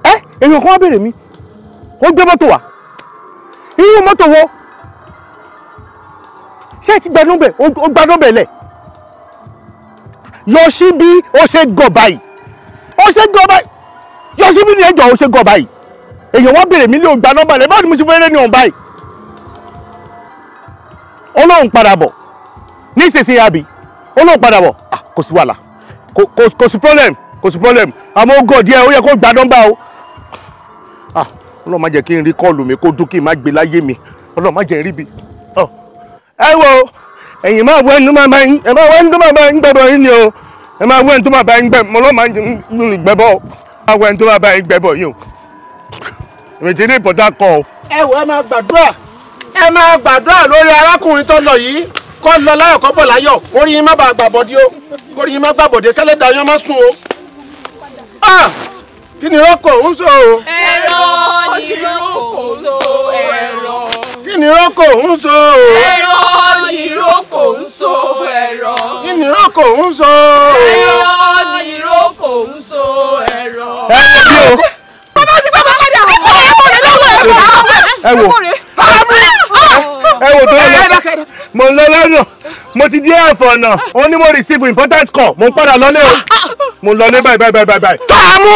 ẹ èèyàn kan wá béèrè mi ó gbé mọ́tò wá irú mọ́tò wo ṣé ti gbanú bẹ̀ ó gbanú bẹ̀ lẹ̀ yọ sí bí ó ṣe gọ̀ báyìí ó ṣe gọ̀ báyìí yọ sí bí ní ẹjọ́ ó ṣe gọ̀ báyìí èèyàn wá béèrè mi lé ògbà nọ́mbà lẹ̀ báwo ni mo ṣe fẹ́rẹ́ ní ọ̀hún báyìí ọlọ́run padà bọ̀ nísinsìnyí àbí ó lóun padà bọ̀ ah, kò sí wàhálà kò sí problem kò sí problem àmọ́ ó gọ̀ díẹ̀ ó yẹ kó gba nọ́mbà o ah, ọlọ́run má jẹ́ kí n rí kọ́ọ̀lù mi kó dún kí n má gbé láyé mi ọlọ́run jẹ́ rí bi. Oh, ẹ wo ẹ̀yin máa wọ ẹnu máa bá yín ẹ máa wọ ẹnu tó máa bá yín gbẹ̀bọ̀ yín ni o ẹ máa wọ ẹnu tó máa bá yín gbẹ̀ ọlọ́run má jẹ́ n gbẹ̀bọ̀ o máa wọ ẹnu tó máa bá yín gbẹ̀bọ̀ yín o èmi ti ní ìbọ̀dá kọ o. ẹ wo ẹ máa gbàdúrà ẹ máa gbàdúrà lórí arákùnrin tó lọ yìí kọ́ lọ láyọ̀ kọ́ bọ̀ láyọ̀ kórìí yín má bàa gbàbọ̀dé o kórìí yín má gbàbọ̀dé kẹ́lẹ́ da yín má sùn o. Ah! kí ni rọ́kọ̀ ń sọ o. ẹ̀rọ ni rọ́kọ̀ ń sọ ẹ̀rọ. kí ni rọ́kọ̀ ń sọ o. ẹ̀rọ ni rọ́kọ̀ ń sọ ẹ̀rọ. kí ni rọ́kọ̀ ń sọ o. ẹ̀rọ ni rọ́kọ̀ ń sọ ẹ̀rọ. ẹ ẹ bí o. bàbá ti gbọ́ bàbá dà ẹ wò ẹ wò ẹ ẹ wò tó lọ mo lọ lọ́nà mo ti dé ẹ̀fọ́ náà wọ́n ní mo receive important call mo ń padà lọ́lé o mo lọ lé báyìí báyìí báyìí báyìí. fáàmù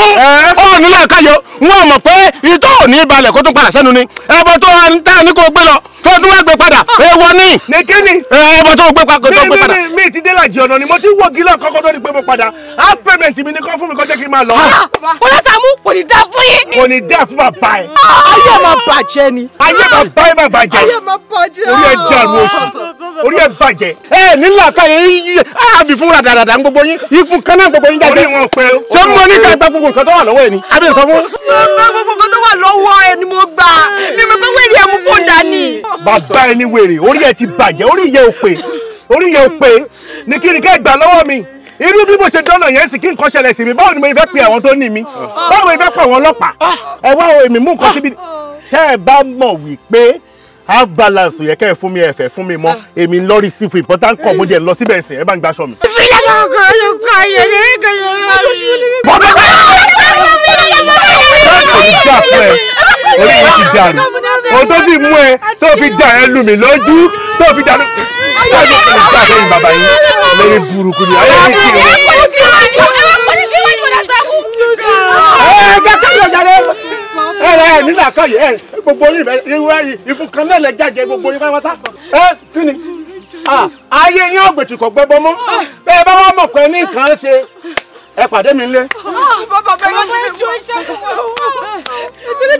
ọ̀nìlà káyọ̀ wọn mọ̀ pé ìtọ́ ò ní balẹ̀ kó tún padà sẹ́nu ni ẹbọ tó ń tẹ́ ní kó gbé lọ ni. ní kíni. ẹ bọ́ tó gbé papọ̀ tó gbé padà. mi ti dé làjì ọ̀nà ni mo ti wọ gílọ̀ kọ́kọ́ tó di pé mo padà half payment mi ni kọ́ fún mi kọ́ jẹ́ kí n máa lọ. Ah! bọ́lá Sàámú kò ní dá fún yín. kò ní dá fún bàbá ẹ. Ah! ayé ah! máa bàjẹ́ ni. ayé bàbá ẹ máa bàjẹ́. ayé máa bàjẹ́. orí ẹ dàrú oṣù orí ẹ bàjẹ́. ẹ nílà káyé yíyí àbí fúnra dàdàdà ń gbogbo yín ikú kan náà gbogbo yín jáde. orí wọn pé o. ṣé mo ní ká gba gbogbo nǹkan tó wà lọ́wọ́ ẹ ni. àbí sọ fún. gbogbo nǹkan tó wà lọ́wọ́ ẹ ni mo gbà. mi mọ̀ pé wẹ́rẹ́ ẹ mú fóònù dání. bàbá ẹ ní wèrè orí orí ẹ ti bàjẹ́ orí yẹ ò orí yẹ ò pé kí ni kẹ́ gbà lọ́wọ́ mi irú bí mo ṣe dọ́nà yẹn sì kí nǹkan ṣẹlẹ̀ sí mi báwo ni mo fẹ́ pe àwọn tó ní mi báwo ni mo fẹ́ pe àwọn ọlọ́pàá ẹ wá o èmi mú nǹkan síbi tẹ́ ẹ bá mọ̀ wípé half balance yẹ kẹ́ ẹ fún mi ẹ fẹ́ fún mi mọ́ èmi lọ́rí sí fún important kọ̀ mo lọ síbẹ̀ ẹ̀sìn ẹ bá ń gbaṣọ mi. ìfìlẹ̀ náà kò yẹ orí mi ti dàrú ohun tó fi mú ẹ tó fi dà ẹ lù mí lójú tó fi dàrú ṣáàbí kò ní sáà lórí bàbá yìí lórí burúkú ni ayé mi kì í. ẹ bẹ káyọ̀ ẹ rẹ nílà káyọ̀ ìwé ìfún kan lẹ jáde gbogbo orí pátá ẹ kí ni ayé yín ọ̀gbẹ̀tù kò gbẹ́bọ bá wà mọ̀ pé ní nǹkan ṣe ẹ pàdé mi lé. bàbá bẹ́ẹ̀ ni mi mọ̀ nítorí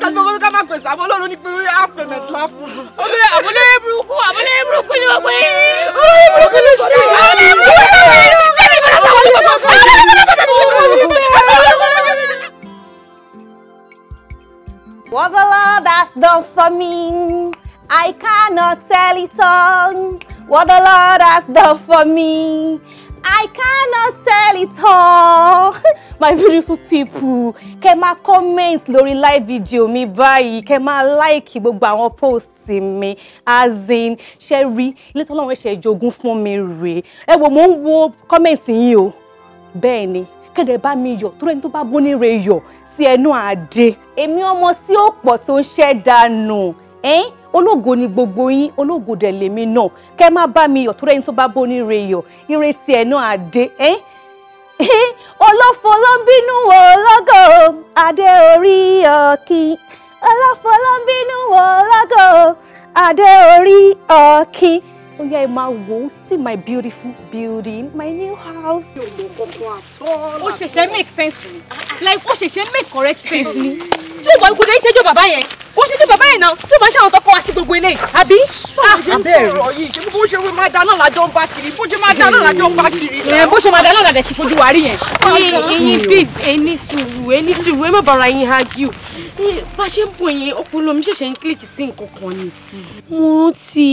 tàbí ọkọ mi ká máa pèsè àmọ́ ọlọ́run ní pé á pèmẹ̀tì láàfún. obìnrin àbúlé burúkú àbúlé burúkú ni wọ́n pè é. àbúlé burúkú ni ṣé àbúlé burúkú ni ṣé mi kò lọ sáwọn olùkọ́ àbúlé burúkú ni ṣé What the Lord has done for me, I cannot tell it all. What the Lord has done for me. I cannot tell it all. *laughs* My beautiful people, kẹ́ máa comment lórí live video me báyìí, kẹ́ máa like gbogbo àwọn post me, as in, ṣe rí, ilé tó jogun ṣe jogún fún mi rèé. Ẹ wo, mò ń wo comment yín o. Bẹ́ẹ̀ ni, kéde bá mi yọ̀, tó rẹ́ni tó bá bóni re yọ̀ sí ẹnu àdé. Èmi ọmọ tí ó pọ̀ tó ń Eh? ológo ni gbogbo yín ológo dẹ̀ lèmi náà kẹ́ má bá mi yọ̀ tó rẹ́ni tó bá bóni re yọ̀ ire tiẹ̀ náà àdé ẹ́ olófolóńbínú *laughs* ológo adé orí ọ̀kì olófolóńbínú ológo adé orí ọ̀kì. Oh yeah, my máa see my beautiful building my new house. Oh, she ṣẹ̀ṣẹ̀ make sense to me. like oh she ṣẹ̀ṣẹ̀ make correct sense to ni tí o bá ikú dé ìṣẹ́jú bàbá yẹn kò ṣẹ́jú bàbá yẹn náà tí o bá ṣe àwọn tó kọ́ wa sí gbogbo eléyìí àbí. àbẹ́rẹ́ ah, yìí ṣe bó ṣe máa dáná lájọ́ ń bá kiri bó ṣe máa dáná lájọ́ ń bá kiri. ẹ bó ṣe máa dáná làdẹ̀ sí fojú you worry. yẹn. ẹyin babes ẹni sùúrù ẹni sùúrù ẹ má bàrà yín you bá ṣe ń bọ̀ yẹn ọpọlọ mi ṣẹ̀ṣẹ̀ ń kílìkì sí nǹkan kan ni mo rántí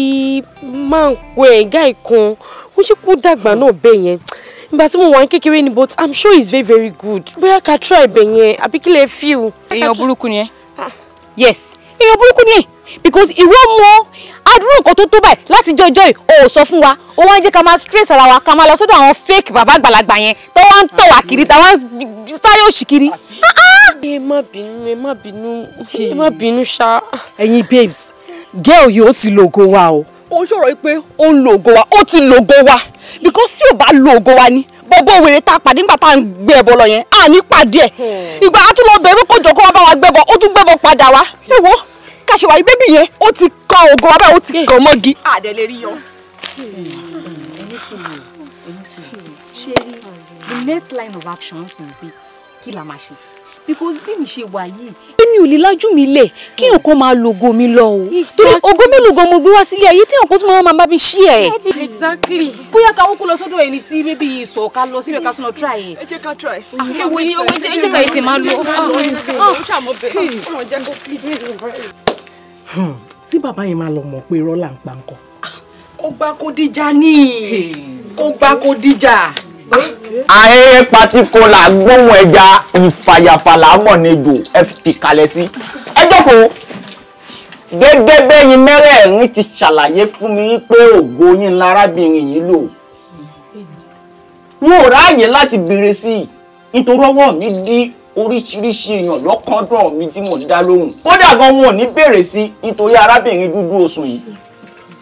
máa ń pọ ẹ̀gá ìkan mo ṣe kó dàgbà náà bẹ́ẹ̀ yẹn ìgbà tí mo wà ní kékeré ni but i'm sure he's very very good bóyá ká try ibẹ̀ yẹn àbí kí lè feel. èèyàn burúkú ni ẹ ah. yes èèyàn burúkú ni because ìwọ mọ àdúrà nǹkan tó tó báyìí láti jọ ìjọ yìí o ò sọ fún wa o wá ń jẹ́ ká máa stress ara wa ká máa lọ sọ́dọ̀ àwọn fake bàbá àgbàlagbà yẹn tó wá ń tọ̀ wá kiri tá wá ń sáré òṣì kiri. ẹ má bínú ẹ má bínú ẹ má bínú ṣá. ẹ̀yin babes girl yìí ó ti lo wa o. ó ṣòro pé ó ń lo wa ó ti lo wa because tí ò bá lo wa ni bọ́bọ́ wèrè tá a pàdé nígbà tá a ń gbé ẹbọ lọ yẹn a ní pàdé ẹ̀ hmm. ìgbà àtúnlọ bẹ̀rù kó kó wá bá wa gbẹ́bọ ó tún gbẹ́bọ padà wá ẹ a ṣe wà yí bébì yẹn ó ti kan ògo wa ó ti kàn mọ́gi. àdẹ rí yọ. ṣe the next line of action sì ń gbé kí la máa ṣe because bí mi ṣe wà yìí. èmi ò lè lájú mi lẹ̀ kí nǹkan máa lo ògo mi lọ o torí ògo mélòó gan mo gbé wá sílé ayé tí nǹkan tó máa máa bá mi ṣí ẹ. exactly. bóyá ká wọ́n kó lọ sọ́dọ̀ ẹni tí bébí yìí sọ ká lọ síbẹ̀ ká tún lọ try ẹ̀. ẹ jẹ́ ká try. àkẹ́wò ah, yìí ẹ jẹ́ ká ètè máa lo. ó ṣàmọ́ bẹ́ẹ̀ ó ràn jẹ́ kó ah, ah, kí tí bàbá yẹn máa lọ mọ̀ pé rọ́là ń pa nǹkan. kó gbá kó díjà ní kó gbá kó díjà. ayẹyẹ patikola gbóhùn ẹja ìfàyàfàlà mọ̀nejò ẹ fi kalẹ̀ sí. ẹ jókòó gẹ́gẹ́ bẹ́yìn mẹ́rẹ̀ẹ̀rin ti ṣàlàyé fún mi wípé ògo yín lárábìnrin yìí lò wọn ò ráàyè láti béèrè sí i nítorí ọwọ́ mi dí oríṣiríṣi èèyàn lọ́kàndọ̀ mi tí mo dá lóhùn kódà gan wọn ò ní bèrè sí nítorí arábìnrin dúdú oṣù yìí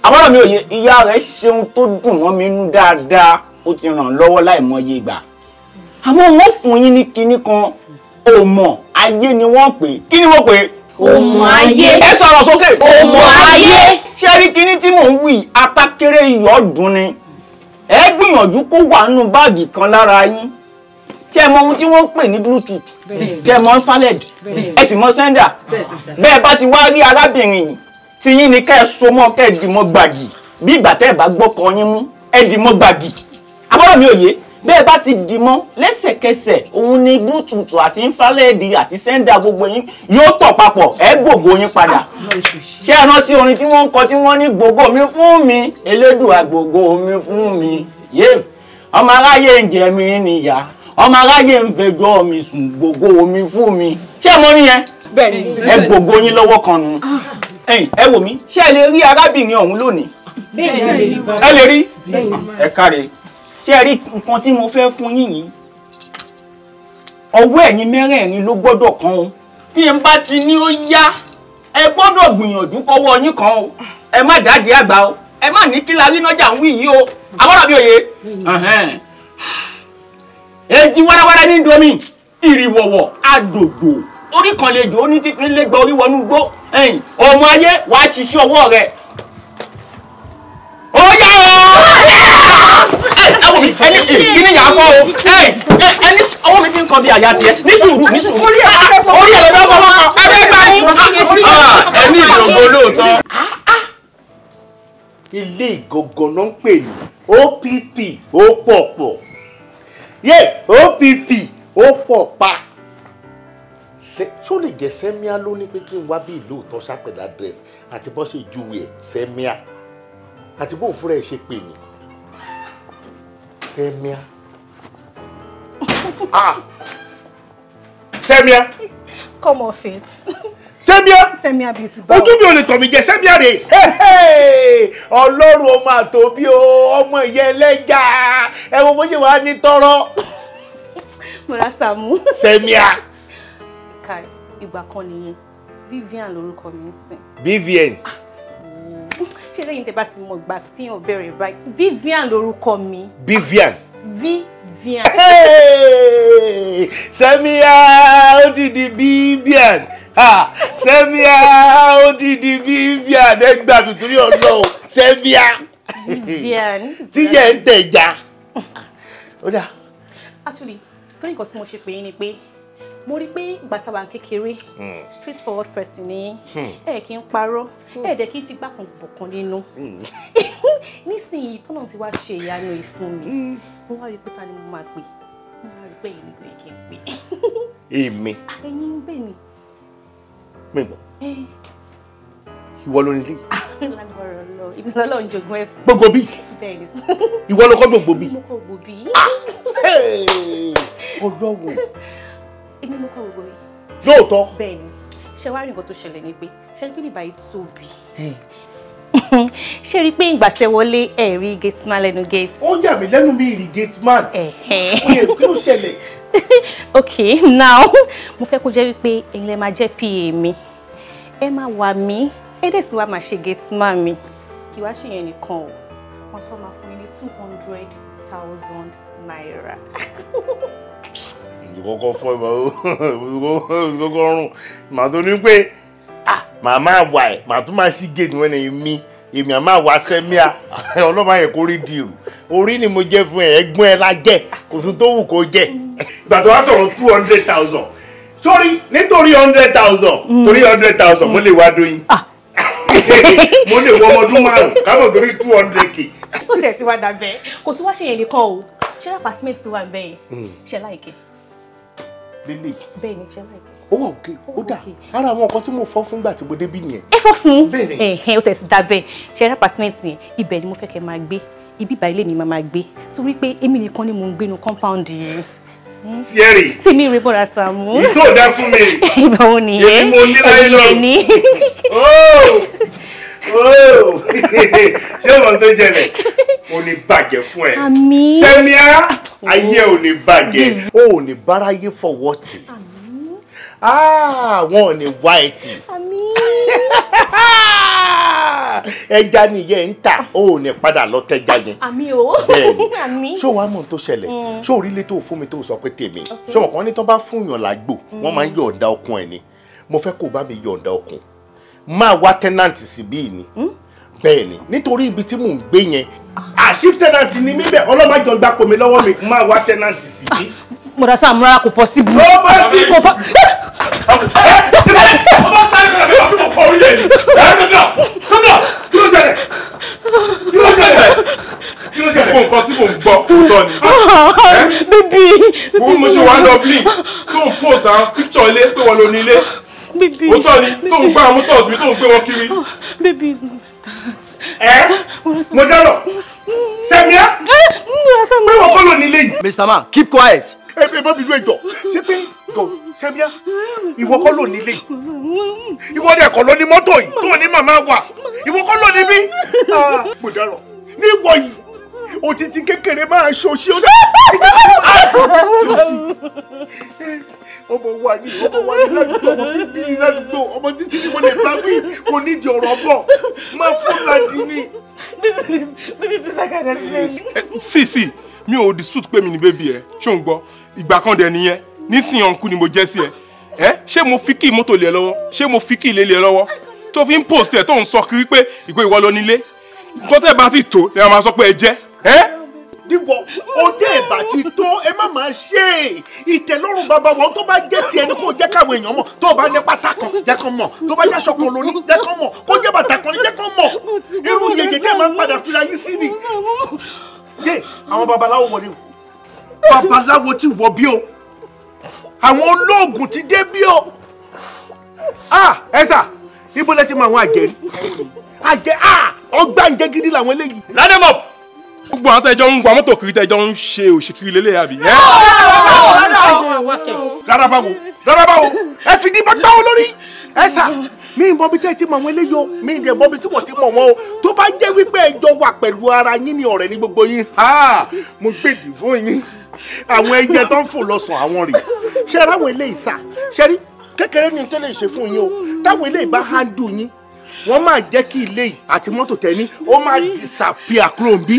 àbọ̀dọ̀ mi ò yẹ ìyá rẹ̀ ṣeun tó dùn mọ́ mi nú dáadáa ó ti ràn lọ́wọ́ láìmọye ìgbà àmọ́ wọ́n fún yín ní kinní kan òmò ayé ni wọ́n pè kí ni wọ́n pè òmò ayé ẹ sọ̀rọ̀ sókè òmò ayé ṣé rí kinní tí mò ń wì atákéré iyọ̀ dùn ni ẹ gbìyànjú kó wà nínú báàgì kan lára yín ṣé ẹ mọ ohun tí wọ́n pè ní bluetooth ṣé ẹ mọ infrared ẹ sì mọ sender bẹ́ẹ̀ bá ti wá rí arábìnrin yìí tí yín ni kẹ́ ẹ so mọ́ kẹ́ ẹ dì mọ́ gbàgì bí ìgbà tẹ́ ẹ bá gbọ́kọ yín mú ẹ dì mọ́ gbàgì àbọ̀rọ̀ mi ò yé bẹ́ẹ̀ bá ti dì mọ́ lẹ́sẹ̀kẹsẹ̀ òun ni bluetooth àti infrared àti sender gbogbo yín yóò tọ̀ papọ̀ ẹ gbògo yín padà ṣé ẹ rántí orin tí wọ́n ń kọ tí wọ́n ní gbogbo mi fún mi elédùn àgbògo mi fún mi yé ọmọ aráyé ń jẹ mi níyà ọmọ aráyé ń fẹjọ́ mi sùn gbogbo omi fún mi ṣé mo rí yẹn ẹ gbogbo yín lọ́wọ́ kan nù ah. ẹ wò mí ṣé ẹ lè rí arábìnrin ọ̀hún lónìí ẹ lè rí ẹ káre ṣé ẹ rí nǹkan tí mo fẹ́ fún yín yìí ọwọ́ ẹ̀yin mẹ́rẹ̀ẹ̀rin ló gbọ́dọ̀ kan o tí n bá ti ní ó yá ẹ gbọ́dọ̀ gbìyànjú kọ́wọ́ yín kan o ẹ má dáàdì àgbà o ẹ má ní kí la rí nájà ń wí yìí o abọ́dọ̀ òye èjì warawara ní domi ìrìwọ̀wọ̀ àdòdò orí kan lè jò ó ní títí lè gba orí wọnú igbó ọmọ ayé wàá ṣiṣẹ́ ọwọ́ rẹ̀ ó yá o kíni yà á fọ́ o ẹni ọwọ́ mi fi ń kan bí àyà tiẹ̀ ní sùúrù ní sùúrù orí ẹ̀ lọ́dọ̀ ọmọ ọmọ ẹgbẹ́ gba yín ẹni ìdògbò lóòótọ́. ilé ìgangan ló ń pè ní opp ó pọ̀ pọ̀ yé OPP ó pọ̀ pa ṣó lè jẹ́ sẹ́míà ló ní pé kí n wá bí ìlú òótọ́ ṣàpẹ̀lẹ̀ address àti bó ṣe júwe ẹ̀ sẹ́míà àti bóun fúnra ẹ̀ ṣe pè mí sẹ́míà ah sẹ́míà. come on, Faith sẹ́míà ojú mi ò lè tọ̀ mí jẹ sẹ́míà rè ọlọ́run ọmọ àtòbí o ọmọ ìyá ẹlẹ́jà ẹ wo bó ṣe wàá ní tọrọ. múra sàmú. sẹ́míà. ká ìgbà kan nìyẹn vivian lorúkọ mi ń sìn. vivian. Ah, mm. ṣé lẹ́yìn tẹ́ bá ti mọ̀ gbà téèyàn bẹ̀rẹ̀ báyìí vivian lorúkọ mi. vivian. vivian vivian. sẹ́míà ó ti di vivian sẹ́míà ó ti di bíbí àdẹ́gbà nítorí ọlọ́run sẹ́míà tí yẹ ń tẹ̀já. actually torí nǹkan tí mo ṣe pè é ni pé mo rí i pé ìgbà kékeré hmm. straight forward person ni hmm. ẹ kì í parọ́ hmm. ẹ dẹ̀ kì í fi gbàkan bọ̀kan nínú *laughs* nísìnyí tọ́nà tí wàá ṣe ìyanu ìfún mi mo wá rí i pé ta ni mo máa pè mo rí i pé èmi ló yẹ kí n pè. èmi. Ah, ẹ̀yin bẹ́ẹ̀ ni mi gbọ́ ìwọ ló ní ilé. lágbọ̀rọ̀ lọ ibi lọ́lọ́ ń jogún ẹ̀ fún. gbogbo bí ìwọ ló kọ́ gbogbo bí. mo kọ́ gbogbo bí. ọlọ́wọ̀. èmi mo kọ́ gbogbo bí. lóòótọ́. bẹ́ẹ̀ni ṣe wá rí nǹkan tó ṣẹlẹ̀ ní pé ṣe ní pé nígbà tóbi *laughs* ṣé rí i pé ìgbà tẹ wọlé ẹ rí gate man lẹ́nu gate. ó yà mí lẹ́nu mi rí gate man. oye kí ló ṣẹlẹ̀. *laughs* ok now *laughs* mo fẹ́ kó jẹ́ wípé ẹ̀yin lè máa jẹ́ pa mi ẹ máa wà mí ẹ dẹ̀ sì wá máa ṣe gate man mi kí wá ṣèyàn nìkan o wọ́n tún máa fún mi ní two hundred thousand naira ìkọ̀kọ̀ fún ẹ̀bà olùkọ́kọ́ rùn màá tó ní pé ah, màá máa wà ẹ̀ màá tún máa ṣí gèdè wọn ẹ̀yìn mi èmi àmà wá sẹ́míà *laughs* ọlọ́mọ yẹn kò rí di irú orí ni mo jẹ́ fún ẹ ẹgbọ́n ẹ la jẹ́ kò sùn tó wù kó jẹ́. ìgbà tó wá sọ̀rọ̀ two hundred thousand sórí nítorí hundred thousand mm. torí hundred thousand mo lè wá dóyin ah. *laughs* mo lè wọ ọmọdún márùn-ún kábọ̀ torí two hundred k. ó tẹ̀ sí wa dàbẹ́ kò tún wá ṣe yẹn nìkan o ṣẹlẹ apartment ti wà ń bẹ́ẹ̀ ṣẹlá ìkẹ́. lílì bẹ́ẹ̀ ni ṣẹlá ó wà òkè ó dà ara àwọn nǹkan tí mo fọ́ fún gbà tí mo débí nìyẹn. ẹ fọ́ fún un ẹ̀hẹ́n ó tẹ̀ sí dábẹ́ ṣe ẹ̀rọ apàtímẹ́ǹtì yẹn ibẹ̀ ni mo fẹ́ kẹ́ máa gbé ibi ìbá ilé ni màá máa gbé so wípé èmi nìkan ni mò ń gbénu compound yìí. tiẹ̀rì hmm? tí mi rí bọ́ra Sàámú. ìtò dá fún mi. ìgbà *laughs* wo nìyẹn èmi mo ní láyé lọ *laughs* oh! oh! *laughs* ṣé wọn tó jẹlẹ ò ní bàjẹ́ fún ẹ sẹ́miá ayé ò ní bàjẹ́ ò ní báráyé fọwọ́ tì. Ah, wọn ò ní wá ẹ tì. ẹja nìyẹn ń tà ó ò ní padà lọ tẹja yẹn. àmì o *laughs* àmì. ṣé wàá mọ̀ tó ṣẹlẹ̀ mm. ṣé orílẹ̀ tó fún mi tó sọ pé tèmi ṣé wọn kàn ní tán bá fún yàn lágbo mm. wọ́n máa ń yọ̀ǹda ọkùn ẹ̀ ni mo fẹ́ kó o bá mi yọ̀ǹda ọkùn máa wá tẹ́nàntì síbí ni mm. bẹ́ẹ̀ ni nítorí ibi tí mò ń gbé yẹn ah. àṣìf tẹ́nàntì ni mí bẹ́ẹ̀ ọlọ́mọ àjọ gbapò mi lọ́wọ́ mi máa wá tẹ́nàntì síbí. Ah, mọ̀dá sáà múra kò pọ̀ síbi. ó bá sí kò fọ́. ó bá sáré kọ́nà bí wọ́n fún ọkọ̀ orí lẹ́yìn. sọ́dọ̀ sọ́dọ̀ kí ló ṣẹlẹ̀ kí ló ṣẹlẹ̀ kí ló ṣẹlẹ̀. gbogbo nǹkan tí mò ń gbọ́ tọ́ ni. bíbí. wọ́n mú ṣe wá lọ blink tó ń pòsà píkṣọ̀ ilé pé wọ́n lo ní ilé. bíbí ó tọ́ ni tó ń gbá àwọn mọ́tò tó ń gbé wọn kiri. bíbí is not dance. ẹ mo dárò sẹ́míà pé wọ́n kọ́ lò nílé yìí. Mr. Man keep quiet ẹ bá mi lu ẹjọ ṣé pé gò sẹbíà ìwọ kọ́ ló nílé ìwọ ni ẹkọ ló ní mọ́tò yìí tó ní màmá wa ìwọ kọ́ ló ní bí mo dárọ ní ìwọ yìí òtítí kékeré máa ṣòṣì ọjọ́ ọmọ wa ni ọmọ wa ni ládùúgbò ọmọ bíbí ládùúgbò ọmọ títí ni mo lè bá wí kò nídìí ọ̀rọ̀ bọ̀ máa fún ládìí ni. bíbí bíbí sákàdá sílẹ̀. sí sí mi ò dispute pé mi ni bébí ẹ ṣó ń gbọ́ ìgbà kan dẹ̀ nìyẹn nísìnyí ọ̀nkú ni mo jẹ́ sí ẹ ẹ ṣé mo fi kí mọ́tò lé ẹ lọ́wọ́ ṣé mo fi kí ilé lé ẹ lọ́wọ́ tó fi ń post ẹ tó ń sọ kiri pé ìgbé ìwọ lọ nílé nǹkan tẹ́ bá ti tó ẹ máa sọ pé ẹ jẹ́ ẹ. níwọ ọdẹ ẹbà ti tó ẹ má máa ṣe é ìtẹ́lọ́rùn bàbá wọn tó bá jẹ́ tiẹ̀ ní kò jẹ́ káwọn èèyàn mọ̀ tó bá ní pátá kan jẹ́ kán mọ̀ tó bá jáṣọ kan lóní jẹ́ kán mọ̀ kó jẹ́ bàtà kan ní jẹ́ kán mọ̀ irú yẹyẹ tẹ́ máa padà fira yín sí ni yé àwọn babaláwo wọ ni o babaláwo ti wọ bí o àwọn olóògùn ti dé bí o ah ẹ̀sà ibo lẹ ti mọ àwọn àjẹrí àjẹ ah ọgbà ń jẹ gidi làwọn eléyìí. ládẹ́ mọ̀ gbogbo àwọn tẹjọ ń wa mọ́tò kiri tẹjọ ń ṣe òṣèkiri lélẹ̀ àbí. rárá báwo rárá báwo ẹ fi ní bá gbáwó lórí ẹ̀sà mi ì mọbi tẹ́ ti mọ àwọn eléyìí o mi ì dẹ̀ mọbi tí wọ́n ti mọ̀ wọ́n o tó bá jẹ́ wípé ẹjọ́ wà pẹ̀lú ara yín ní ọ̀rẹ́ ní gbogbo yín mo gbèdì fún yín àwọn ẹyẹ tó ń fò lọ́sàn-án àwọn rè ṣe ara àwọn eléyìí sà ṣe rí kékeré ni tó lè ṣe fún yín o táwọn eléyìí bá hándù yín wọ́n máa jẹ́ kí ilé yìí àti mọ́tò tẹ́ni ó máa disappear kúrò ń bí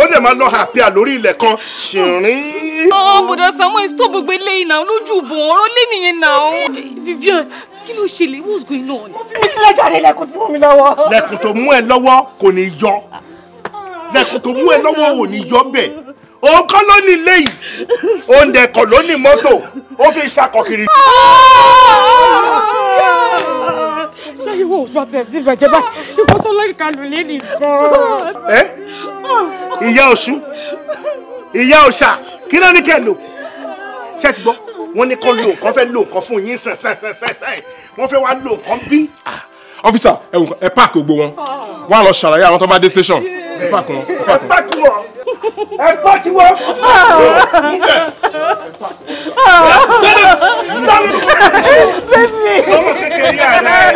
ó dẹ̀ máa lọ àpíà lórí ilẹ̀ kan ṣìnrín. ọ̀ bùdó Samuel stop gbogbo eléyìí náà lójú ìbò ọ̀rọ̀ lé nìyẹn náà. Vivian kí ló ṣẹlẹ̀ what's going on. mo fi mí sílẹ̀ jáde lẹ́kùn tó mú mi lọ́wọ́. lẹ́kùn tó mú ẹ lọ́wọ́ kò ní yọ lẹ́kùn tó mú ẹ lọ́wọ́ ò ní yọ bẹ́ẹ̀ òun kọ́ ló ní ilé yìí òun dẹ̀ kọ́ ló ní mọ́tò ó fi ṣàkọkiri. ṣé ìwọ òfin ọ̀tẹ̀ ti bàjẹ́ báyìí ikú tó lórí kanú lé nìkan. ẹ ìyá ọ̀ṣun ìyá ọ̀ṣà kí ló ní kẹ́ lò ṣé ti gbọ́ wọ́n ní kán lo nǹkan fẹ́ lo nǹkan fún yín sàn sàn sàn sàn sàn wọ́n wá lo nǹkan bí. ọ́fíìsà ah, ẹ ẹ páàkì gbogbo wọn wọn á lọ ṣàlàyé àwọn tó bá dé station ẹ páàkì wọn. ẹ páàkì wọn ẹ páàkì wọn. ọmọ kékeré yàrá ẹ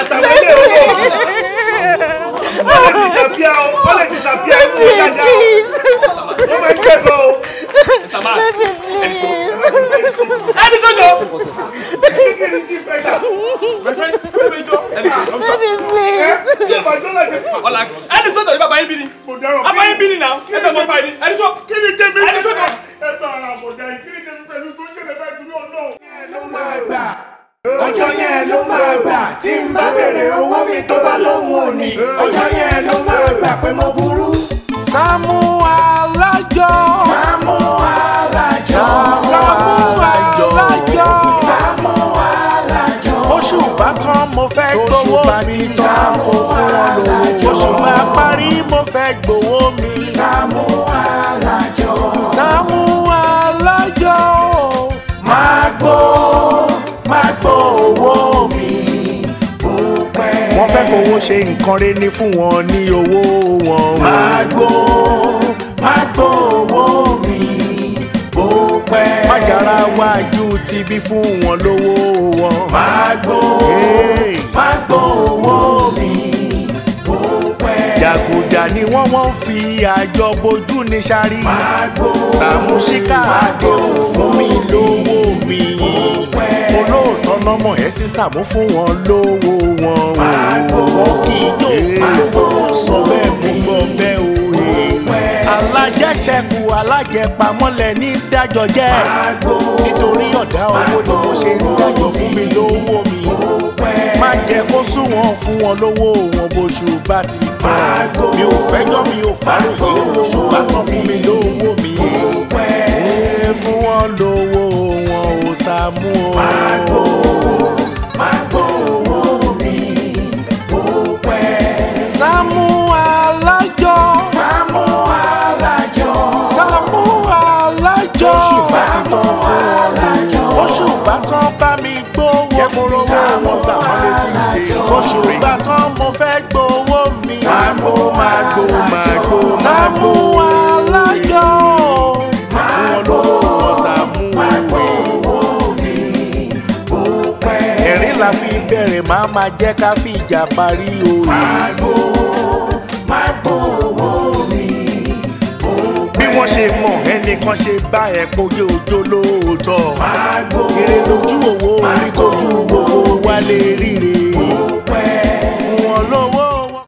àtàwọn ilé olóògùn. Wallet disappear. Wallet disappear. Baby, please. Oh my God, oh. Mr. Man. Edison. Edison, yo. My friend, Edison, come sir. Baby, please. Edison, yo. Baba, Edison, yo. Baba, Edison, yo. Baba, Edison, yo. Baba, Edison, yo. nǹkanre ni fún wọn ní owó wọn. Magbo magbo owó mi bó pẹ́. Májàra wájú ti bí fún wọn lówó wọn. Magbo magbo owó mi bó pẹ́. Jàgùjà ni wọ́n wọ́n fi àjọ bojú ní sáré. Magbo Sàmúsíkà àdé mi lówó mi. Bó pẹ́. Olóòótọ́ lọ́mọ ẹ̀ sísàmú fún wọn lówó wọn o. Òkìjó sọ bẹ́ẹ̀ mú gbọ́ bẹ́ẹ̀ o. Alájẹṣẹ́kù alájẹpamọ́lẹ̀ ní dájọ́ jẹ́. Nítorí ọ̀dá owó ni mo ṣe ń dájọ́ fún mi lówó mi. Má jẹ́ kó sún wọn fún wọn lówó wọn bóṣù bá ti tán. Mi ò fẹ́jọ́ mi ò fàròyé lóṣù bá tán fún mi lówó mi. Fún wọn lówó wọn ò sàmú o. Máa gbó owó, máa gbó owó. làwọn ló fi ṣe ìrọ́ṣọ́ rẹ̀. ìgbà tó mo fẹ́ gbowó mi. Sáàmù máa gbó máa gbó máa gbó. Sáàmù aláyọ̀ máa gbó máa gbó owó mi ó pẹ́. ẹ̀rín la fi bẹ̀rẹ̀ máa ma jẹ́ ká fi ìjà parí o. máa gbó máa gbó wọ́n ṣe mọ̀ ẹnìkan ṣe bá ẹ̀ pojé ojó lóòótọ́ kéré lójú òwò orí kojú wo wálé ríre.